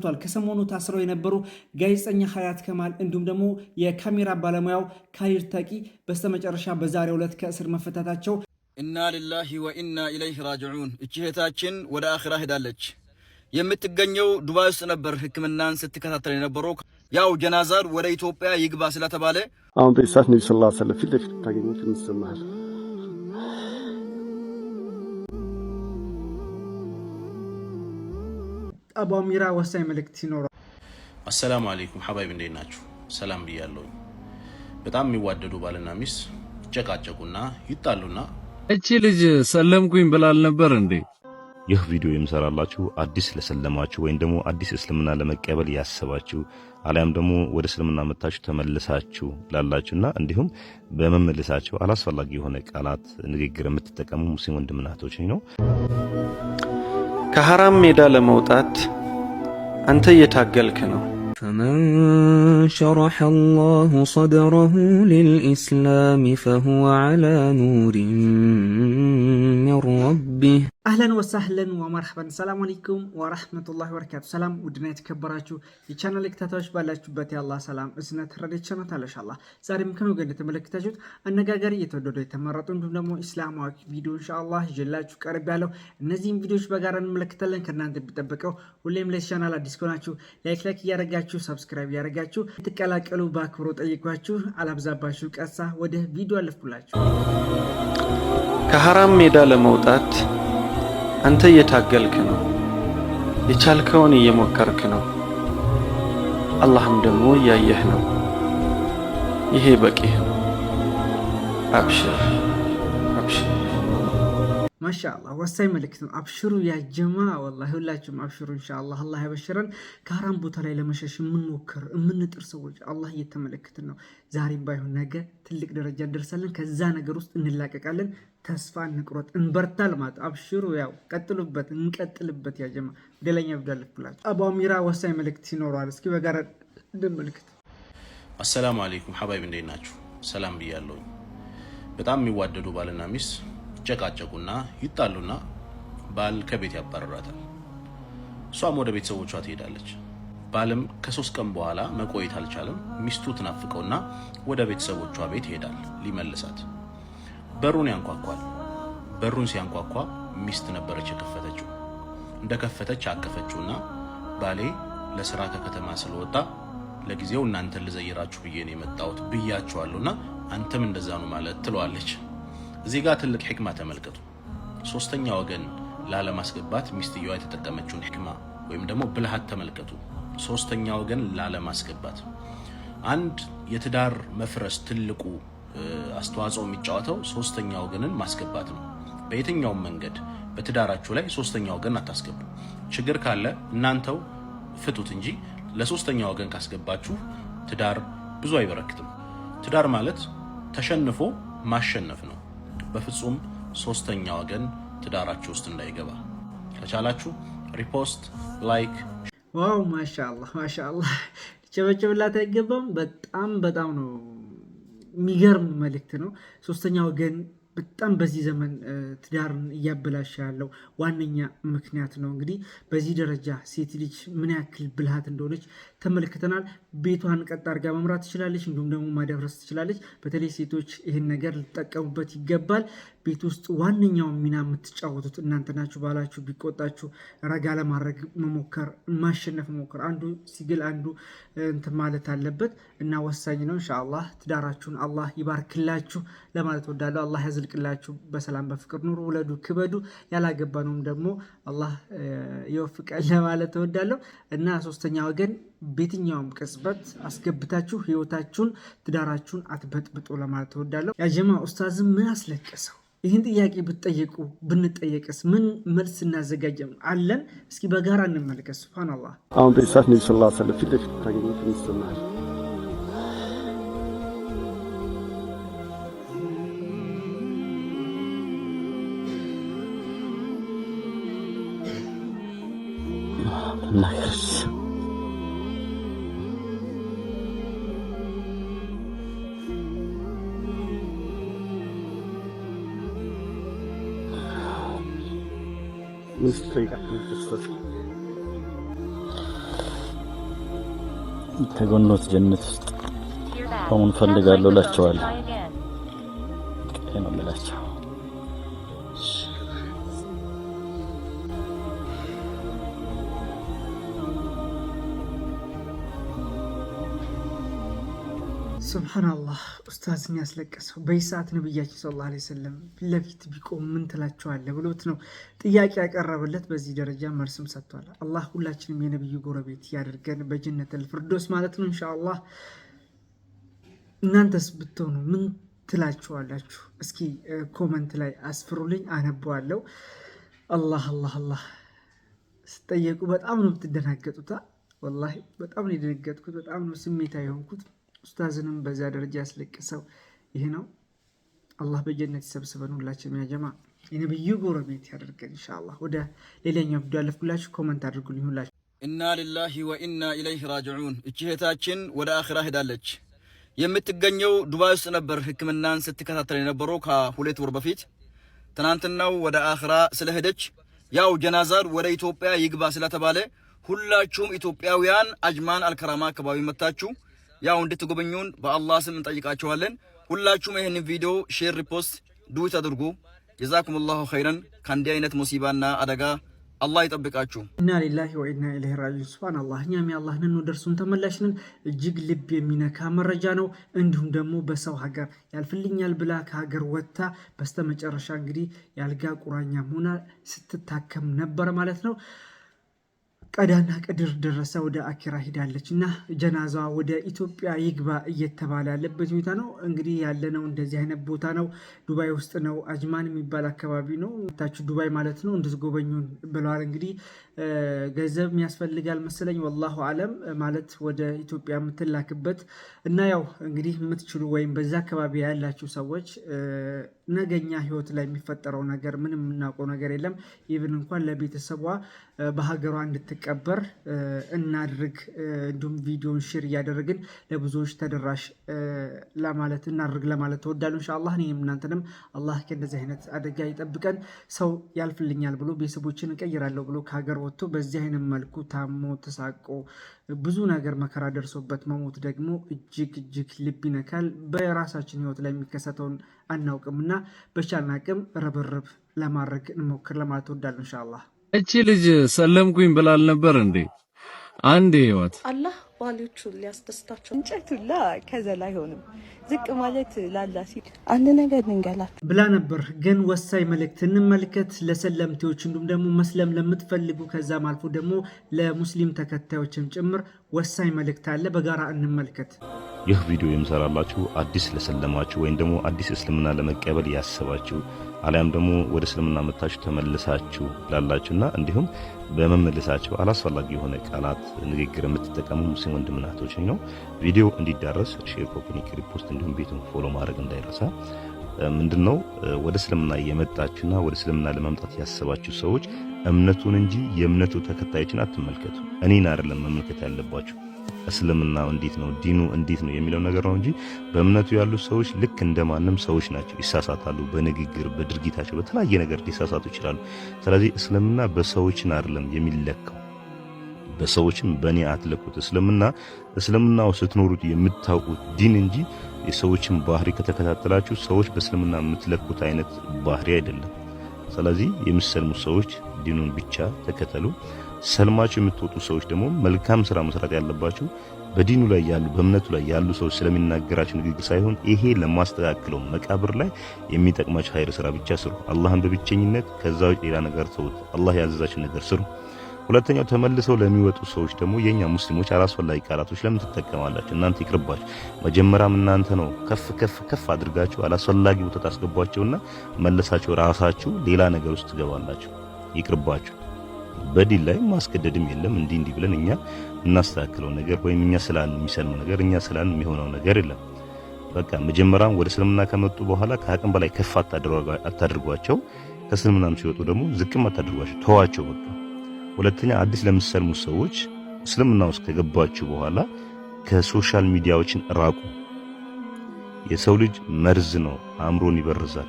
ተሰምቷል። ከሰሞኑ ታስረው የነበሩ ጋዜጠኛ ሀያት ከማል እንዲሁም ደግሞ የካሜራ ባለሙያው ካሂር ተቂ በስተመጨረሻ በዛሬው ዕለት ከእስር መፈታታቸው ኢና ሊላሂ ወኢና ኢለይህ ራጅዑን። እቺ እህታችን ወደ አኺራ ሄዳለች። የምትገኘው ዱባይ ውስጥ ነበር ሕክምናን ስትከታተል የነበረው። ያው ጀናዛር ወደ ኢትዮጵያ ይግባ ስለተባለ አሁን በኢሳት ነቢ ስላ ስለም ፊት ለፊት ታገኘት ይሰማል አቡአሚራ ወሳኝ መልእክት ይኖረዋል። አሰላሙ አሌይኩም ሀባይብ እንዴት ናችሁ? ሰላም ብያለሁኝ። በጣም የሚዋደዱ ባልና ሚስ ይጨቃጨቁና ይጣሉና እቺ ልጅ ሰለምኩኝ ብላል ነበር እንዴ? ይህ ቪዲዮ የምሰራላችሁ አዲስ ለሰለማችሁ ወይም ደግሞ አዲስ እስልምና ለመቀበል ያሰባችሁ አሊያም ደግሞ ወደ እስልምና መታችሁ ተመልሳችሁ ላላችሁና እንዲሁም በመመልሳችሁ አላስፈላጊ የሆነ ቃላት ንግግር የምትጠቀሙ ሙስሊም ወንድምናቶች ነው። كهرام ميدا لموتات أنت يتاقلك نو فمن شرح الله صدره للإسلام فهو على نور من ربه ረቢህ አህለን ወሳህለን ወመርሐበን። ሰላም አለይኩም ወራህመቱላሂ ወበረካቱ። ሰላም ውድና የተከበራችሁ የቻናል ተከታታዮች ባላችሁበት የአላህ ሰላም እዝነት ረድኤት ቸርነት አላህ ዛሬም ከነገ ወዲያ እንደተመለከታችሁት አነጋጋሪ የተመረጡ እንዲሁም ደግሞ ኢስላማዊ ቪዲዮ ኢንሻአላህ ይዤላችሁ ቀርቤያለሁ። እነዚህም ቪዲዮዎች በጋራ እንመለከታለን። ከእናንተ የሚጠበቀው ሁሌም ለዚህ ቻናል አዲስ ከሆናችሁ ላይክ ላይክ እያደረጋችሁ ሰብስክራይብ እያደረጋችሁ ተቀላቀሉ በአክብሮ ጠይቋችሁ አላብዛባችሁ። ቀሳ ወደ ቪዲዮ አለፍኩላችሁ። ከሐራም ሜዳ ለመውጣት አንተ እየታገልክ ነው፣ የቻልከውን እየሞከርክ ነው፣ አላህም ደግሞ እያየህ ነው። ይሄ በቂህ ነው። አብሽር አብሽር። ማሻአላህ ወሳኝ መልእክት ነው። አብሽሩ ያጀማ ወላሂ ሁላችሁም አብሽሩ እንሻላ አላህ ያበሽረን። ከሀራም ቦታ ላይ ለመሸሽ የምንሞክር የምንጥር ሰዎች አላህ እየተመለከትን ነው። ዛሬም ባይሆን ነገ ትልቅ ደረጃ እንደርሳለን። ከዛ ነገር ውስጥ እንላቀቃለን። ተስፋ እንቁረጥ፣ እንበርታ። ልማት አብሽሩ፣ ያው ቀጥሉበት፣ እንቀጥልበት። ያጀማ ደለኛ ብዳልፍ ብላችሁ አባሚራ ወሳኝ መልእክት ይኖረዋል። እስኪ በጋራ እንመልከት። አሰላሙ አለይኩም ሀባይብ፣ እንዴት ናችሁ? ሰላም ብያለሁኝ። በጣም የሚዋደዱ ባልና ሚስ ይጨቃጨቁና ይጣሉና ባል ከቤት ያባረራታል። እሷም ወደ ቤተሰቦቿ ትሄዳለች። ባልም ከሶስት ቀን በኋላ መቆየት አልቻለም። ሚስቱ ትናፍቀውና ወደ ቤተሰቦቿ ቤት ይሄዳል ሊመልሳት በሩን ያንኳኳል። በሩን ሲያንኳኳ ሚስት ነበረች የከፈተችው። እንደከፈተች አቀፈችውና ባሌ ለስራ ከከተማ ስለወጣ ለጊዜው እናንተን ልዘይራችሁ ብዬ ነው የመጣሁት ብያችኋለሁና አንተም እንደዛ ነው ማለት ትለዋለች። እዚህ ጋር ትልቅ ሕክማ ተመልከቱ። ሶስተኛ ወገን ላለማስገባት ሚስትየዋ የተጠቀመችውን ሕክማ ወይም ደግሞ ብልሃት ተመልከቱ። ሶስተኛ ወገን ላለማስገባት አንድ የትዳር መፍረስ ትልቁ አስተዋጽኦ የሚጫወተው ሶስተኛ ወገንን ማስገባት ነው። በየትኛውም መንገድ በትዳራችሁ ላይ ሶስተኛ ወገን አታስገቡ። ችግር ካለ እናንተው ፍቱት እንጂ ለሶስተኛ ወገን ካስገባችሁ ትዳር ብዙ አይበረክትም። ትዳር ማለት ተሸንፎ ማሸነፍ ነው። በፍጹም ሶስተኛ ወገን ትዳራችሁ ውስጥ እንዳይገባ ከቻላችሁ ሪፖስት፣ ላይክ። ዋው! ማሻአላህ ማሻአላህ። ጨበጭብላት አይገባም። በጣም በጣም ነው የሚገርም መልእክት ነው። ሶስተኛ ወገን በጣም በዚህ ዘመን ትዳርን እያበላሸ ያለው ዋነኛ ምክንያት ነው። እንግዲህ በዚህ ደረጃ ሴት ልጅ ምን ያክል ብልሃት እንደሆነች ተመልክተናል። ቤቷን ቀጥ አድርጋ መምራት ትችላለች፣ እንዲሁም ደግሞ ማደፍረስ ትችላለች። በተለይ ሴቶች ይህን ነገር ሊጠቀሙበት ይገባል። ቤት ውስጥ ዋነኛው ሚና የምትጫወቱት እናንተ ናችሁ ባላችሁ ቢቆጣችሁ ረጋ ለማድረግ መሞከር፣ ማሸነፍ መሞከር፣ አንዱ ሲግል አንዱ እንትን ማለት አለበት እና ወሳኝ ነው። ኢንሻአላህ ትዳራችሁን አላህ ይባርክላችሁ ለማለት ወዳለሁ። አላህ ያዝልቅላችሁ። በሰላም በፍቅር ኑሩ፣ ውለዱ፣ ክበዱ። ነውም ደግሞ አላህ ይወፍቀን ለማለት ወዳለሁ እና ሶስተኛ ወገን በየትኛውም ቅጽበት አስገብታችሁ ህይወታችሁን ትዳራችሁን አትበጥብጡ ለማለት ወዳለሁ። ያጀማ ኡስታዝም ምን አስለቀሰው? ይህን ጥያቄ ብትጠየቁ ብንጠየቅስ ምን መልስ እናዘጋጀም አለን? እስኪ በጋራ እንመልከት። ስብሓንላህ አሁን በሳት ነቢ ስ ስለም ፊት ለፊት ከጎኖት ጀነት ውስጥ በሙን ፈልጋለሁ እላቸዋለሁ። ሱብሓናላህ ኡስታዝ ያስለቀሰው በዚህ ሰዓት ነብያችን ሰለላሁ ዓለይሂ ወሰለም ፊት ለፊት ቢቆም ምን ትላቸዋለህ ብሎት ነው ጥያቄ ያቀረበለት። በዚህ ደረጃ መልስም ሰጥቷል። አላህ ሁላችንም የነብዩ ጎረቤት ያደርገን በጀነተል ፊርደውስ ማለት ነው ኢንሻአላህ። እናንተስ ብትሆኑ ምን ትላቸዋላችሁ? እስኪ ኮመንት ላይ አስፍሩልኝ፣ አነበዋለሁ። አላህ አላህ አላህ ስጠየቁ በጣም ነው የምትደናገጡታ። ወላሂ በጣም ነው የደነገጥኩት፣ በጣም ነው ስሜታ የሆንኩት። ኡስታዝንም በዛ ደረጃ ያስለቅሰው ይሄ ነው። አላህ በጀነት ይሰብስበን ሁላችንም። ያጀማ የነብዩ ጎረቤት ያደርገን ኢንሻአላህ። ወደ ሌላኛው ቪዲዮ አለፍኩላችሁ። ኮመንት አድርጉልኝ ሁላችሁ። እና ሊላሂ ወኢና ኢለይህ ራጅዑን። እቺ እህታችን ወደ አኺራ ሄዳለች። የምትገኘው ዱባይ ውስጥ ነበር ህክምናን ስትከታተል የነበረው ከሁለት ወር በፊት። ትናንትናው ወደ አኺራ ስለሄደች ያው ጀናዛር ወደ ኢትዮጵያ ይግባ ስለተባለ ሁላችሁም ኢትዮጵያውያን አጅማን አልከራማ አካባቢ መታችሁ ያው እንድትጎበኙን በአላህ ስም እንጠይቃችኋለን። ሁላችሁም ይህንን ቪዲዮ ሼር፣ ሪፖስት፣ ዱዊት አድርጉ። ጀዛኩም ኸይረን። ከእንዲህ አይነት ሙሲባና አደጋ አላህ ይጠብቃችሁ። ኢና ሊላሂ ወኢና ኢለይሂ ራጂዑን። ሱብሃንአላህ። እኛም የአላህ ነን ደርሱን ተመላሽ ነን። እጅግ ልብ የሚነካ መረጃ ነው። እንዲሁም ደግሞ በሰው ሀገር ያልፍልኛል ብላ ከሀገር ወጥታ በስተመጨረሻ እንግዲህ ያልጋ ቁራኛ ሆና ስትታከም ነበር ማለት ነው። ቀዳና ቅድር ደረሰ ወደ አኪራ ሄዳለች እና ጀናዛዋ ወደ ኢትዮጵያ ይግባ እየተባለ ያለበት ሁኔታ ነው። እንግዲህ ያለነው እንደዚህ አይነት ቦታ ነው። ዱባይ ውስጥ ነው። አጅማን የሚባል አካባቢ ነው። ታች ዱባይ ማለት ነው። እንድትጎበኙን ብለዋል። እንግዲህ ገንዘብ ያስፈልጋል መሰለኝ ወላሁ አለም ማለት ወደ ኢትዮጵያ የምትላክበት እና ያው እንግዲህ የምትችሉ ወይም በዛ አካባቢ ያላችሁ ሰዎች ነገኛ ህይወት ላይ የሚፈጠረው ነገር ምንም የምናውቀው ነገር የለም። ኢቭን እንኳን ለቤተሰቧ በሀገሯ እንድትቀበር እናድርግ። እንዲሁም ቪዲዮን ሽር እያደረግን ለብዙዎች ተደራሽ ለማለት እናድርግ ለማለት ተወዳሉ። እንሻላ እኔም እናንተንም አላህ ከእንደዚህ አይነት አደጋ ይጠብቀን። ሰው ያልፍልኛል ብሎ ቤተሰቦችን እቀይራለሁ ብሎ ከሀገር ወጥቶ በዚህ አይነት መልኩ ታሞ ተሳቆ ብዙ ነገር መከራ ደርሶበት መሞት ደግሞ እጅግ እጅግ ልብ ይነካል። በራሳችን ህይወት ላይ የሚከሰተውን አናውቅም እና በቻልን አቅም ርብርብ ለማድረግ እንሞክር ለማለት ወዳል። እንሻላ እቺ ልጅ ሰለምኩኝ ብላል ነበር እንዴ? አንድ ህይወት አላህ ባሎቹ ሊያስደስታቸው እንጨቱላ ከዘላ አይሆንም ዝቅ ማለት ላላ ሲል አንድ ነገር ልንገላችሁ ብላ ነበር። ግን ወሳኝ መልእክት እንመልከት ለሰለምቴዎች እንዲሁም ደግሞ መስለም ለምትፈልጉ ከዛም አልፎ ደግሞ ለሙስሊም ተከታዮችም ጭምር ወሳኝ መልእክት አለ። በጋራ እንመልከት። ይህ ቪዲዮ የምሰራላችሁ አዲስ ለሰለማችሁ ወይም ደግሞ አዲስ እስልምና ለመቀበል ያሰባችሁ አሊያም ደግሞ ወደ እስልምና መታችሁ ተመልሳችሁ ላላችሁና እንዲሁም በመመልሳችሁ አላስፈላጊ የሆነ ቃላት ንግግር የምትጠቀሙ ሙስሊም ወንድምና እህቶች ነው። ቪዲዮ እንዲዳረስ ሼር፣ ኮፒ፣ ሪፖስት እንዲሁም ቤቱን ፎሎ ማድረግ እንዳይረሳ። ምንድነው ወደ እስልምና የመጣችሁና ወደ እስልምና ለመምጣት ያሰባችሁ ሰዎች እምነቱን እንጂ የእምነቱ ተከታዮችን አትመልከቱ። እኔን አይደለም መመልከት ያለባችሁ። እስልምና እንዴት ነው ዲኑ እንዴት ነው የሚለው ነገር ነው እንጂ በእምነቱ ያሉ ሰዎች ልክ እንደማንም ሰዎች ናቸው። ይሳሳታሉ፣ በንግግር በድርጊታቸው በተለያየ ነገር ሊሳሳቱ ይችላሉ። ስለዚህ እስልምና በሰዎችን አይደለም የሚለካው። በሰዎችን በእኔ አትለኩት። እስልምና እስልምናው ስትኖሩት የምታውቁት ዲን እንጂ የሰዎችን ባህሪ ከተከታተላችሁ ሰዎች በእስልምና የምትለኩት አይነት ባህሪ አይደለም። ስለዚህ የሚሰልሙ ሰዎች ዲኑን ብቻ ተከተሉ። ሰልማችሁ የምትወጡ ሰዎች ደግሞ መልካም ስራ መስራት ያለባችሁ በዲኑ ላይ ያሉ በእምነቱ ላይ ያሉ ሰዎች ስለሚናገራችሁ ንግግር ሳይሆን ይሄ ለማስተካከለው መቃብር ላይ የሚጠቅማችሁ ሀይር ስራ ብቻ ስሩ። አላህን በብቸኝነት ከዛ ውጭ ሌላ ነገር ተውት። አላህ ያዘዛችሁ ነገር ስሩ። ሁለተኛው ተመልሰው ለሚወጡ ሰዎች ደግሞ የኛ ሙስሊሞች አላስፈላጊ ቃላቶች ለምን ትጠቀማላችሁ? እናንተ ይቅርባችሁ። መጀመሪያም እናንተ ነው ከፍ ከፍ ከፍ አድርጋችሁ አላስፈላጊ ቦታ ታስገቧቸውና መለሳቸው ራሳችሁ ሌላ ነገር ውስጥ ትገባላችሁ። ይቅርባችሁ። በዲል ላይ ማስገደድም የለም እንዲህ እንዲህ ብለን እኛ እናስተካክለው ነገር ወይም እኛ ስላልን የሚሰልመው ነገር እኛ ስላልን የሚሆነው ነገር የለም። በቃ መጀመሪያም ወደ እስልምና ከመጡ በኋላ ከአቅም በላይ ከፍ አታድርጓቸው። ከእስልምናም ሲወጡ ደግሞ ዝቅም አታድርጓቸው፣ ተዋቸው በቃ። ሁለተኛ አዲስ ለምትሰልሙ ሰዎች እስልምና ውስጥ ከገባችሁ በኋላ ከሶሻል ሚዲያዎችን ራቁ። የሰው ልጅ መርዝ ነው፣ አእምሮን ይበርዛል።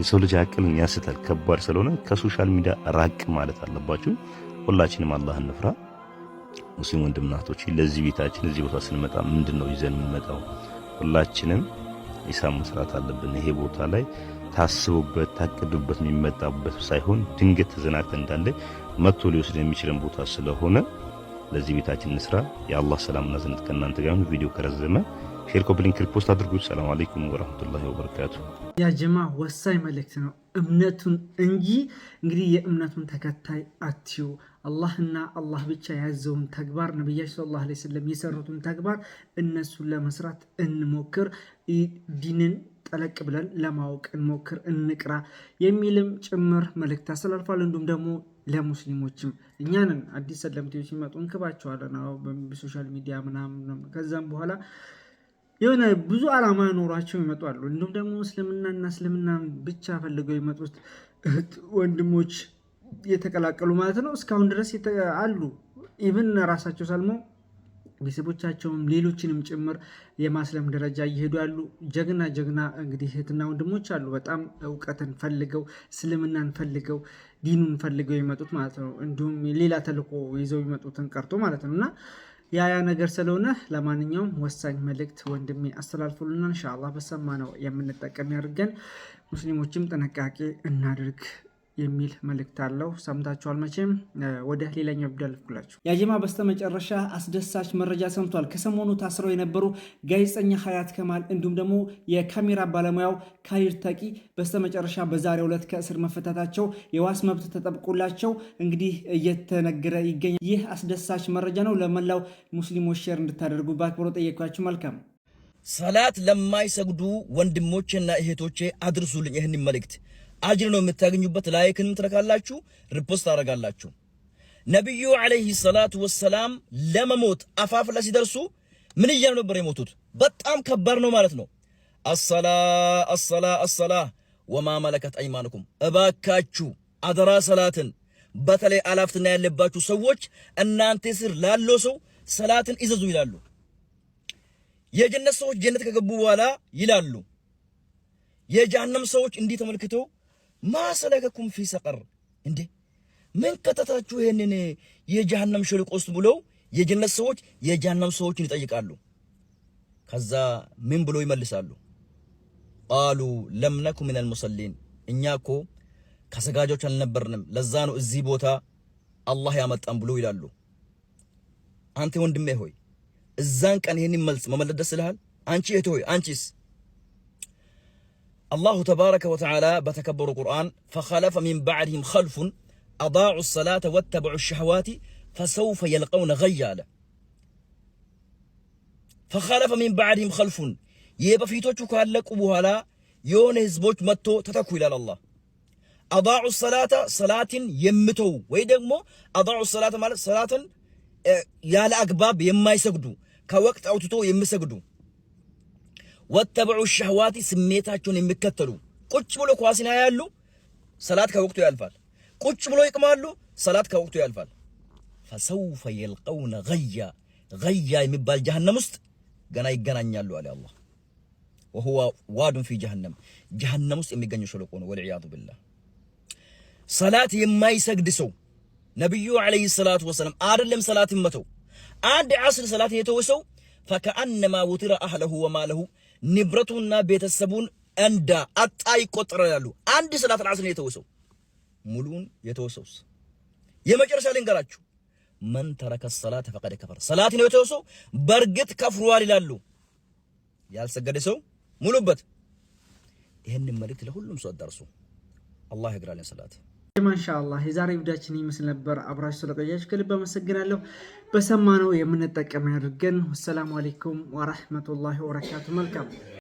የሰው ልጅ አቅልን ያስታል። ከባድ ስለሆነ ከሶሻል ሚዲያ ራቅ ማለት አለባችሁ። ሁላችንም አላህ እንፍራ። ሙስሊም ወንድምና ለዚህ ቤታችን እዚህ ቦታ ስንመጣ ምንድን ነው ይዘን የምንመጣው? ሁላችንም ሂሳብ መስራት አለብን። ይሄ ቦታ ላይ ታስቡበት ታቅዱበት የሚመጣበት ሳይሆን ድንገት ተዘናግተን እንዳለ መጥቶ ሊወስድ የሚችለን ቦታ ስለሆነ ለዚህ ቤታችን እንስራ። የአላህ ሰላምና ዝነት ከእናንተ ጋር። ቪዲዮ ከረዘመ ሼር ኮፕሊንክ ፖስት አድርጉ። ሰላም አለይኩም ወረህመቱላሂ ወበረካቱ። ያ ጀማ ወሳኝ መልእክት ነው። እምነቱን እንጂ እንግዲህ የእምነቱን ተከታይ አትዩ። አላህና አላህ ብቻ ያዘውን ተግባር ነቢያችን ሰለላሁ ዓለይሂ ወሰለም የሰሩትን ተግባር እነሱን ለመስራት እንሞክር። ዲንን ጠለቅ ብለን ለማወቅ እንሞክር፣ እንቅራ የሚልም ጭምር መልእክት አስተላልፏል። እንዲሁም ደግሞ ለሙስሊሞችም እኛንን አዲስ ሰለምቴዎች ሲመጡ እንክባቸዋለን በሶሻል ሚዲያ ምናምን ከዛም በኋላ የሆነ ብዙ ዓላማ ኖሯቸው ይመጣሉ። እንዲሁም ደግሞ እስልምናና እስልምና ብቻ ፈልገው የመጡት ወንድሞች የተቀላቀሉ ማለት ነው እስካሁን ድረስ አሉ። ኢቭን ራሳቸው ሰልሞ ቤተሰቦቻቸውም ሌሎችንም ጭምር የማስለም ደረጃ እየሄዱ ያሉ ጀግና ጀግና እንግዲህ እህትና ወንድሞች አሉ። በጣም እውቀትን ፈልገው እስልምናን ፈልገው ዲኑን ፈልገው የመጡት ማለት ነው። እንዲሁም ሌላ ተልኮ ይዘው የመጡትን ቀርቶ ማለት ነው እና ያ ነገር ስለሆነ ለማንኛውም ወሳኝ መልእክት ወንድሜ አስተላልፎልናል። እንሻላ በሰማ ነው የምንጠቀም ያድርገን። ሙስሊሞችም ጥንቃቄ እናድርግ። የሚል መልእክት አለው። ሰምታችኋል መቼም። ወደ ሌላኛው ቪዲዮ አልፍኩላችሁ። ያጀማ በስተመጨረሻ አስደሳች መረጃ ሰምቷል። ከሰሞኑ ታስረው የነበሩ ጋዜጠኛ ሀያት ከማል እንዲሁም ደግሞ የካሜራ ባለሙያው ካሊድ ታቂ በስተመጨረሻ በዛሬው ዕለት ከእስር መፈታታቸው የዋስ መብት ተጠብቆላቸው እንግዲህ እየተነገረ ይገኛል። ይህ አስደሳች መረጃ ነው። ለመላው ሙስሊሞች ሼር እንድታደርጉ በአክብሮ ጠየኳችሁ። መልካም ሰላት ለማይሰግዱ ወንድሞቼና እህቶቼ አድርሱልኝ ይህን መልእክት አጅር ነው የምታገኙበት። ላይክንም ትረካላችሁ፣ ሪፖስት ታደርጋላችሁ። ነቢዩ አለይሂ ሰላቱ ወሰላም ለመሞት አፋፍ ላይ ሲደርሱ ምን እያሉ ነበር የሞቱት? በጣም ከባድ ነው ማለት ነው። አሰላ አሰላ አሰላ ወማ መለከት አይማንኩም፣ እባካችሁ አደራ ሰላትን፣ በተለይ አላፍትና ያለባችሁ ሰዎች እናንተ ስር ላለው ሰው ሰላትን ይዘዙ ይላሉ። የጀነት ሰዎች ጀነት ከገቡ በኋላ ይላሉ። የጀሃነም ሰዎች እንዲህ ተመልክተው ማሰለከኩም ፊ ሰቀር እንዴ ምን ከተታችሁ ይሄንን የጀሃነም ሸለቆ ውስጥ ብለው የጀነት ሰዎች የጀሃነም ሰዎችን ይጠይቃሉ። ከዛ ምን ብሎ ይመልሳሉ? ቃሉ ለም ነኩ ሚነል ሙሰሊን እኛ እኮ ከሰጋጆች አልነበርንም፣ ለዛ ነው እዚህ ቦታ አላህ ያመጣን ብሎ ይላሉ። አንተ ወንድሜ ሆይ እዛን ቀን ይሄንን መልስ መመለስ ደስ ይልሃል? አንቺ እህቴ ሆይ አንቺስ አላሁ ተባረከ ወተዓላ በተከበሩ ቁርአን ፈኸለፈ ሚን ባዕድህም ኸልፉን አዳዑ ሰላተ ወተበዑ ሸህዋቲ ፈሰውፈ የልቀውነ ገያ አለ። ፈኸለፈ ሚን ባዕድህም ኸልፉን የበፊቶቹ ካለቁ በኋላ የሆነ ህዝቦች መጥቶ ተተኩ ይላል አላህ። አዳዑ ሰላተ ሰላትን የምተው ወይ ደግሞ አዳዑ ሰላተ ማለት ሰላትን ያለ አግባብ የማይሰግዱ ከወቅት አውትቶ የሚሰግዱ ወተብዑ ሸህዋቲ ስሜታቸውን የሚከተሉ ቁጭ ብሎ ኳስን ያያሉ፣ ሰላት ከወቅቱ ያልፋል። ቁጭ ብሎ ይቅማሉ፣ ሰላት ከወቅቱ ያልፋል። ፈሰውፈ የልቀውነ ገያ ገያ የሚባል ጀሃነም ውስጥ ገና ይገናኛሉ አለ አላህ። ወሁዋ ዋዱን ፊ ጀሃነም ጀሃነም ውስጥ የሚገኙ ሸለቆ ነው። ወልዕያዙ ቢላህ ሰላት የማይሰግድ ሰው ነቢዩ ዓለይሂ ሰላቱ ወሰላም አይደለም ሰላት መተው አንድ ዐስር ሰላት የተወሰው ፈከአነማ ውቲረ አህለሁ ወማለሁ ንብረቱና ቤተሰቡን እንደ አጣ ይቆጠራል ያሉ አንድ ሰላተል ዐስር ነው የተወሰው። ሙሉውን የተወሰውስ የመጨረሻ ልንገራችሁ፣ መን ተረከ ሰላተ ፈቀደ ከፈር ሰላት ነው የተወሰው በእርግጥ ከፍሯል ይላሉ። ያልሰገደ ሰው ሙሉበት። ይህን መልእክት ለሁሉም ሰው አዳርሱ። አላህ ያግራልን ሰላት። ማሻአላህ የዛሬ ቪዲዮአችን ይመስል ነበር። አብራችሁ ስለቆያችሁ ከልብ አመሰግናለሁ። በሰማነው የምንጠቀም ያድርገን። ወሰላሙ አሌይኩም ወረህመቱላሂ ወበረካቱ። መልካም